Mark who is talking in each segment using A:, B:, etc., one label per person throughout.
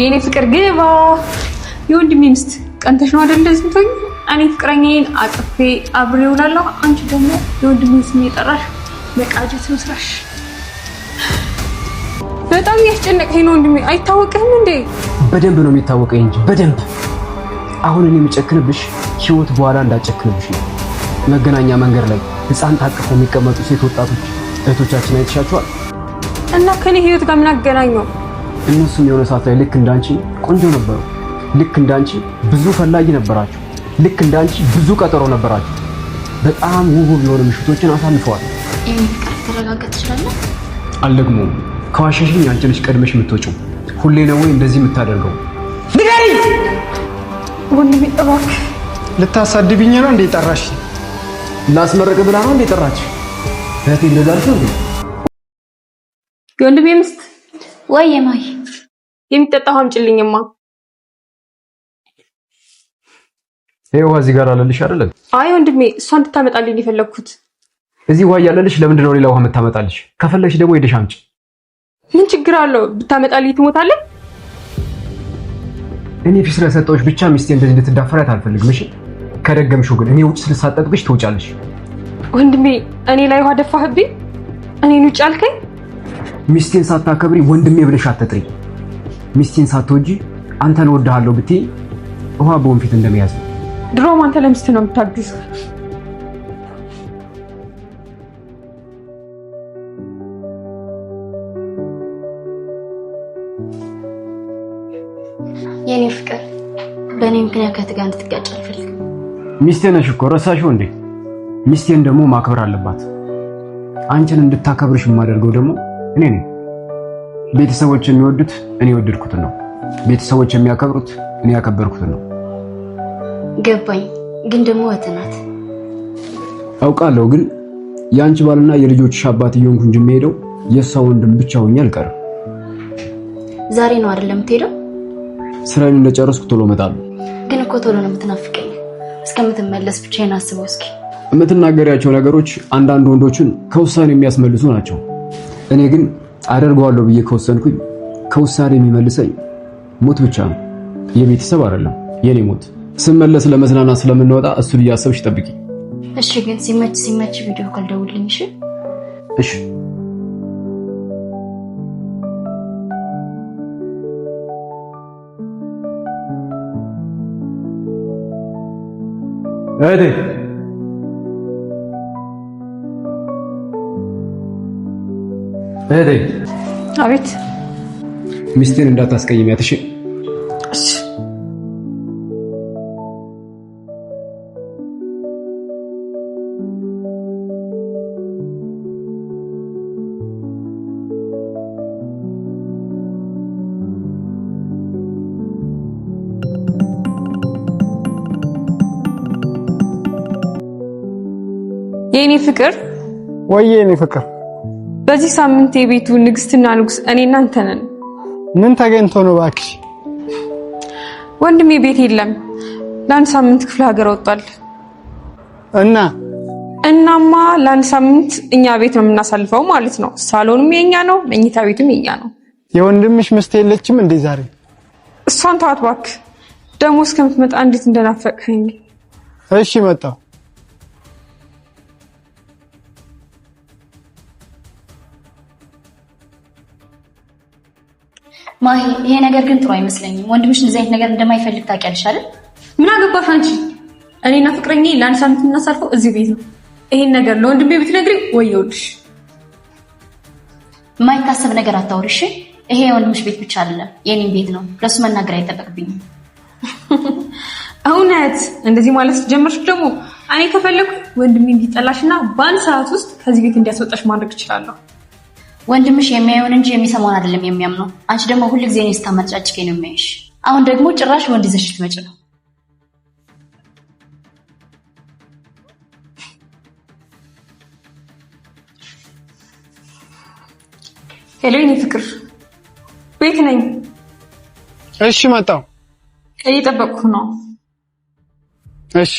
A: የእኔ ፍቅር ግባ። የወንድሜ ሚስት ቀንተሽ ነው አይደል? ዝምቶኝ እኔ ፍቅረኛዬን አቅፌ አብሬ እውላለሁ። አንቺ ደግሞ የወንድሜ ስም የጠራሽ መቃጀት ነው ስራሽ። በጣም እያስጨነቀኝ ነው ወንድሜ። አይታወቅህም እንዴ?
B: በደንብ ነው የሚታወቀኝ እንጂ በደንብ አሁን እኔ የምጨክንብሽ ህይወት በኋላ እንዳጨክንብሽ ነው። መገናኛ መንገድ ላይ ህፃን ታቅፎ የሚቀመጡ ሴት ወጣቶች እህቶቻችን አይተሻቸዋል?
A: እና ከኔ ህይወት ጋር ምን አገናኘው?
B: እነሱም የሆነ ሰዓት ላይ ልክ እንዳንቺ ቆንጆ ነበሩ። ልክ እንዳንቺ ብዙ ፈላጊ ነበራቸው። ልክ እንዳንቺ ብዙ ቀጠሮ ነበራቸው። በጣም ውብ የሆነ ምሽቶችን አሳልፈዋል።
C: ይሄን ፍቅር ተረጋጋ ትችላለህ።
B: አልደግሞም። ከዋሸሽኝ አንቺ ነሽ ቀድመሽ የምትወጪው። ሁሌ ነው ወይ እንደዚህ የምታደርገው? ንገሪ
A: ወንድሜ እባክህ።
B: ልታሳድብኝ ነው እንዴ ጠራሽ? ላስመረቅ ብላ ነው እንዴ ጠራች? እህቴ እንደዛ አልሽ እንዴ?
A: የወንድሜ ምስት ወይ ማይ የሚጠጣው አምጪልኝማ።
B: ይሄ ውሃ እዚህ ጋር አለልሽ አይደል?
A: አይ ወንድሜ፣ እሷ እንድታመጣልኝ የፈለግኩት
B: እዚህ ውሃ እያለልሽ፣ ለምንድን ነው ሌላ ውሃ የምታመጣልሽ? ከፈለግሽ ደግሞ ሄደሽ አምጪ።
A: ምን ችግር አለው ብታመጣልኝ? ትሞታለህ።
B: እኔ ፊት ስለሰጠሁሽ ብቻ ሚስቴ እንደዚህ እንድትዳፈሪያት አልፈልግም። እሺ ከደገምሽው ግን እኔ ውጭ ስልሳጠቅብሽ ትወጫለሽ።
A: ወንድሜ፣ እኔ ላይ ውሃ ደፋህብኝ? እኔን ውጭ አልከኝ?
B: ሚስቴን ሳታከብሪ ወንድሜ ብለሽ አትጥሪ። ሚስቴን ሳትወጂ አንተን እወድሃለሁ ብትይ ውሃ በወንፊት እንደመያዝ ነው።
A: ድሮም አንተ ለሚስት ነው የምታግዝ።
C: የኔ ፍቅር በእኔ ምክንያት ከትጋ እንድትጋጭ አልፈልግም።
B: ሚስቴ ነሽ እኮ ረሳሽው እንዴ? ሚስቴን ደግሞ ማክበር አለባት። አንቺን እንድታከብርሽ የማደርገው ደግሞ እኔ ነኝ። ቤተሰቦች የሚወዱት እኔ የወደድኩትን ነው። ቤተሰቦች የሚያከብሩት እኔ ያከበርኩትን ነው።
C: ገባኝ። ግን ደግሞ ወተናት
B: አውቃለሁ። ግን የአንቺ ባልና የልጆችሽ አባት እየሆንኩ እንጂ የምሄደው የእሷ ወንድም ብቻ ሆኜ አልቀርም።
C: ዛሬ ነው አይደለም የምትሄደው?
B: ስራዬን እንደጨረስኩ ቶሎ እመጣለሁ።
C: ግን እኮ ቶሎ ነው የምትናፍቀኝ። እስከምትመለስ ብቻዬን አስበው እስኪ።
B: የምትናገሪያቸው ነገሮች አንዳንድ ወንዶችን ከውሳኔ የሚያስመልሱ ናቸው። እኔ ግን አደርገዋለሁ ብዬ ከወሰንኩኝ ከውሳኔ የሚመልሰኝ ሞት ብቻ ነው። የቤተሰብ አይደለም የኔ ሞት። ስመለስ ለመዝናናት ስለምንወጣ እሱን እያሰብሽ ጠብቂ
C: እሺ። ግን ሲመች ሲመች ቪዲዮ ኮል እሺ?
B: እሺ። እህቴ እህቴ። አቤት። ሚስቴን እንዳታስቀይሚያት እሺ?
A: እሺ። የኔ ፍቅር
B: ወይ የኔ ፍቅር
A: በዚህ ሳምንት የቤቱ ንግስትና ንጉስ እኔ እናንተ ነን።
B: ምን ተገኝቶ ነው እባክሽ?
A: ወንድሜ ቤት የለም። ለአንድ ሳምንት ክፍለ ሀገር ወጥቷል። እና እናማ ለአንድ ሳምንት እኛ ቤት ነው የምናሳልፈው ማለት ነው። ሳሎኑም የኛ ነው፣ መኝታ ቤቱም የኛ ነው።
B: የወንድምሽ ሚስት የለችም እንዴ? ዛሬ
A: እሷን ተዋት እባክህ። ደግሞ እስከምትመጣ እንዴት እንደናፈቅኸኝ።
B: እሺ መጣሁ።
C: ማሂ፣ ይሄ ነገር ግን ጥሩ አይመስለኝም። ወንድምሽ እንደዚህ አይነት ነገር እንደማይፈልግ ታውቂያለሽ አይደል?
A: ምን አገባሽ አንቺ? እኔና ፍቅረኛ ለአንድ ሳምንት እናሳልፈው እዚህ ቤት ነው። ይሄን ነገር ለወንድሜ ብትነግሪኝ ወየውልሽ።
C: የማይታሰብ ነገር አታውሪሽ። ይሄ የወንድምሽ ቤት ብቻ አይደለም የኔም ቤት ነው። ለሱ መናገር አይጠበቅብኝም።
A: እውነት እንደዚህ ማለት ጀምር ደግሞ እኔ ከፈለኩ ወንድሜ እንዲጠላሽና በአንድ ሰዓት ውስጥ ከዚህ ቤት እንዲያስወጣሽ ማድረግ እችላለሁ።
C: ወንድምሽ የሚያየውን እንጂ የሚሰማውን አይደለም የሚያምነው። አንቺ ደግሞ ሁል ጊዜ እኔ ስታመጫጭቄ ነው የሚያይሽ። አሁን ደግሞ ጭራሽ ወንድ ይዘሽ ልትመጪ ነው።
A: ሄሎ፣ ፍቅር ቤት ነኝ። እሺ፣ መጣሁ። እየጠበቅኩህ ነው።
B: እሺ፣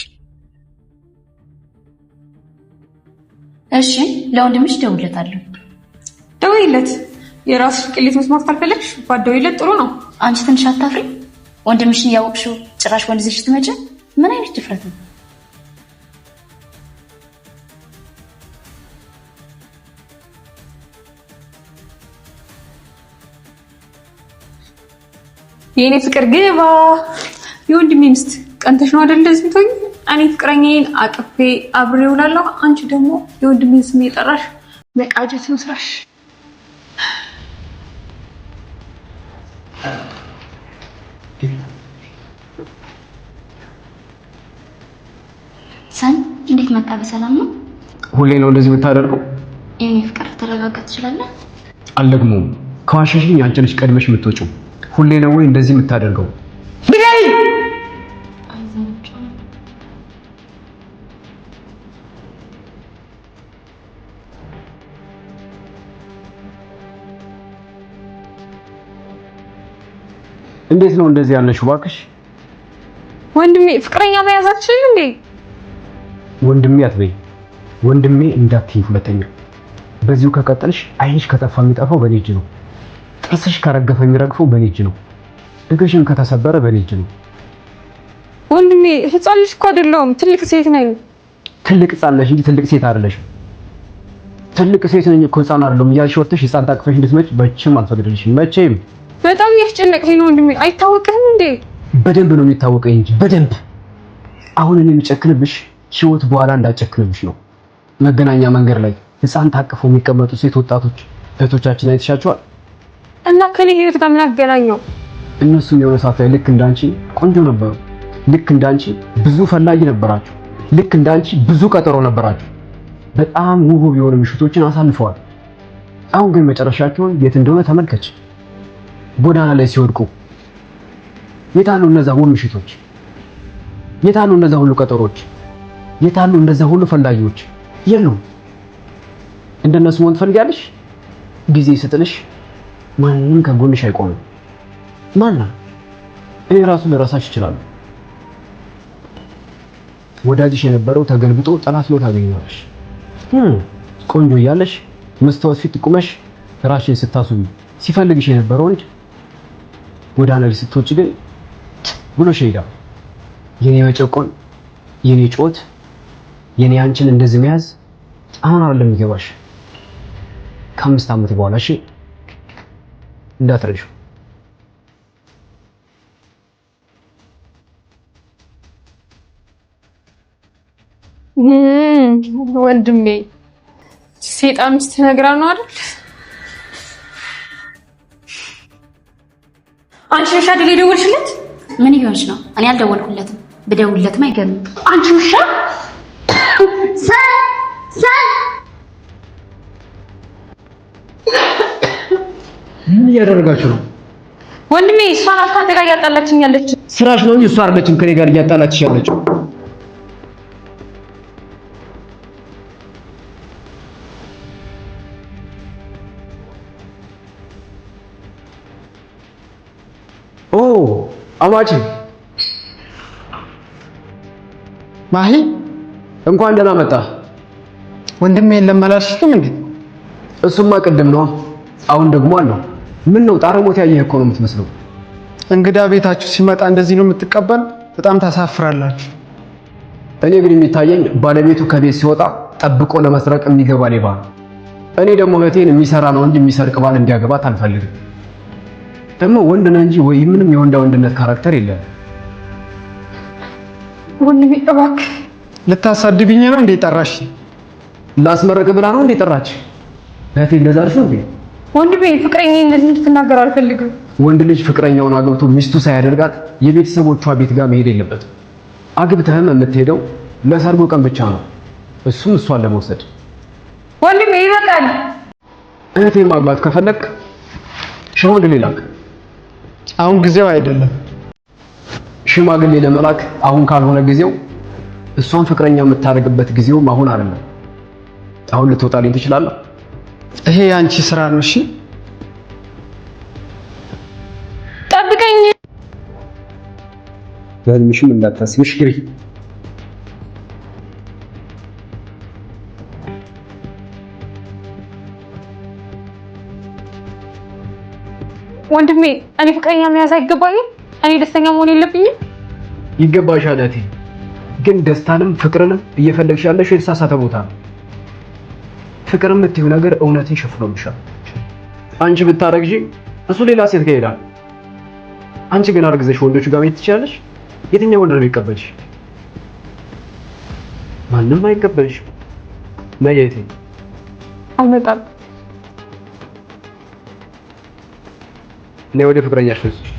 C: እሺ፣ ለወንድምሽ ደውለታለሁ።
A: አትደውይለት። የራስሽ ቅሌት መስማት ካልፈለግሽ ባትደውይለት ጥሩ ነው።
C: አንቺ ትንሽ አታፍሪ? ወንድምሽን እያወቅሽው ጭራሽ ወንድ ዝሽ ትመጭ? ምን አይነት ድፍረት ነው?
A: የእኔ ፍቅር ግባ። የወንድሜ ሚስት ቀንተሽ ነው አደለ? እንደዚህ ምትሆኝ። እኔ ፍቅረኛዬን አቅፌ አብሬ ውላለሁ። አንቺ ደግሞ የወንድሜን ስም የጠራሽ መቃጀት ስራሽ።
C: መጣ በሰላም ነው?
B: ሁሌ ነው እንደዚህ የምታደርገው?
C: የኔ ፍቅር ተረጋጋ፣ ትችላለህ።
B: አልደግሞም። ከዋሸሽኝ አንቺ ነሽ ቀድመሽ የምትወጪው። ሁሌ ነው ወይ እንደዚህ የምታደርገው? እንዴት ነው እንደዚህ ያለሽው? እባክሽ
A: ወንድሜ፣ ፍቅረኛ መያዛችን እንዴ
B: ወንድሜ አትበይ፣ ወንድሜ እንዳትዪ ሁለተኛ። በዚሁ ከቀጠልሽ ዓይንሽ ከጠፋ የሚጠፋው በኔ እጅ ነው። ጥርስሽ ከረገፈ የሚረግፈው በኔ እጅ ነው። እግርሽን ከተሰበረ በኔ እጅ ነው።
A: ወንድሜ ህፃን ልጅ እኮ አይደለሁም፣ ትልቅ ሴት ነኝ።
B: ትልቅ ህፃን ነሽ እንጂ ትልቅ ሴት አይደለሽም። ትልቅ ሴት ነኝ እኮ ህፃን አይደለሁም እያልሽ ወጥተሽ ህፃን ታቅፈሽ እንድትመጭ መቼም አልፈቅድልሽም። መቼም
A: በጣም ያስጨነቀኝ ነው ወንድሜ። አይታወቅህም እንዴ?
B: በደንብ ነው የሚታወቀኝ እንጂ በደንብ አሁን እኔ የምጨክንብሽ ህይወት በኋላ እንዳጨክንብሽ ነው። መገናኛ መንገድ ላይ ህፃን ታቅፈው የሚቀመጡ ሴት ወጣቶች እህቶቻችን አይተሻቸዋል?
A: እና ከኔ ህይወት ጋር ምን አገናኘው?
B: እነሱም የሆነ ሰዓት ላይ ልክ እንዳንቺ ቆንጆ ነበሩ። ልክ እንዳንቺ ብዙ ፈላጊ ነበራቸው። ልክ እንዳንቺ ብዙ ቀጠሮ ነበራቸው። በጣም ውብ የሆኑ ምሽቶችን አሳልፈዋል። አሁን ግን መጨረሻቸውን የት እንደሆነ ተመልከች። ጎዳና ላይ ሲወድቁ የት እነዛ ውብ ምሽቶች? የት እነዛ ሁሉ ቀጠሮች? የታሉ እንደዛ ሁሉ ፈላጊዎች የሉም። እንደነሱ መሆን ትፈልጋለሽ? ጊዜ ይስጥንሽ። ማንም ከጎንሽ አይቆምም። ማና እኔ ራሱ ለራሳሽ ይችላሉ። ወዳጅሽ የነበረው ተገልብጦ ጠላት ነው ታገኘዋለሽ። ቆንጆ እያለሽ መስታወት ፊት ቁመሽ ራሽን ስታሱኝ ሲፈልግሽ የነበረው ወንድ ወደ አነሪ ስትወጪ ግን ብሎ ይሄዳል። የኔ መጨቆን የኔ ጮት የኔ አንቺን እንደዚህ መያዝ አሁን አይደለም የሚገባሽ። ከአምስት ዓመት በኋላ እሺ እንዳትረሺው።
A: ወንድሜ ሴጣን ሚስት ነግራ ነው አይደል? አንቺ ውሻ አይደል የደወልሽለት?
C: ምን ይሆንሽ ነው? እኔ አልደወልኩለትም። ብደውልለትም አይገርምም።
A: አንቺ ውሻ
B: ምን እያደረጋችሁ ነው?
A: ወንድሜ እሷ ጋር እያጣላችኝ
B: ስራሽ ነው እንጂ እሷ አርገችም ከኔ ጋር እያጣላችሽ ያለችው። ኦ ማሂ እንኳን ደህና መጣ።
A: ወንድሜ የለም አላልሽም እንዴ?
B: እሱማ ቅድም ነው፣ አሁን ደግሞ አለው ምን ነው ሞት ያየህ እኮ ነው የምትመስለው።
A: እንግዳ ቤታችሁ ሲመጣ እንደዚህ ነው የምትቀበል? በጣም ታሳፍራላችሁ።
B: እኔ ግን የሚታየኝ ባለቤቱ ከቤት ሲወጣ ጠብቆ ለመስረቅ የሚገባ ሌባ ነው። እኔ ደግሞ እህቴን የሚሰራ ነው እንጂ የሚሰርቅ ባል እንዲያገባት አልፈልግም። ደግሞ ወንድ ነህ እንጂ ወይ ምንም የወንዳ ወንድነት ካራክተር የለህም።
A: ወንድሜ እባክህ
B: ልታሳድግኝ ነው እንዴ? ጠራሽ ላስመረቅ ብላ ነው እንዴ ጠራች? እህቴ እንደዛ አልሽ ነው እንዴ?
A: ወንድ ቤት ፍቅረኛ እንደዚህ እንድትናገር አልፈልግም።
B: ወንድ ልጅ ፍቅረኛውን አግብቶ ሚስቱ ሳያደርጋት የቤተሰቦቿ ቤት ጋር መሄድ የለበትም። አግብተህም የምትሄደው ለሰርጉ ቀን ብቻ ነው፣ እሱም እሷን ለመውሰድ።
A: ወንድሜ ይበቃል።
B: እህቴን ማግባት ከፈለክ ሽማግሌ ላክ።
A: አሁን ጊዜው አይደለም።
B: ሽማግሌ ለመላክ አሁን ካልሆነ ጊዜው እሷን ፍቅረኛ የምታደርግበት ጊዜውም አሁን አይደለም። አሁን ልትወጣልኝ ትችላለህ?
A: ይሄ የአንቺ ስራ ነው። እሺ ጠብቀኝ።
B: በህልምሽም እንዳታስብሽ ግሪ።
A: ወንድሜ እኔ ፍቅረኛ መያዝ አይገባኝም። እኔ ደስተኛ መሆን የለብኝም።
B: ይገባሻል እቴ። ግን ደስታንም ፍቅርንም እየፈለግሽ ያለሽ የተሳሳተ ቦታ ነው። ፍቅር የምትይው ነገር እውነትን ሸፍኖብሻል። አንቺ ብታረግዢ እሱ ሌላ ሴት ጋር ይሄዳል። አንቺ ግን አርግዘሽ ወንዶች ጋር መሄድ ትችላለሽ። የትኛው ወንድ ነው የሚቀበልሽ? ማንም አይቀበልሽ። መየቴ አልመጣም። እኔ ወደ ፍቅረኛሽ ልጅ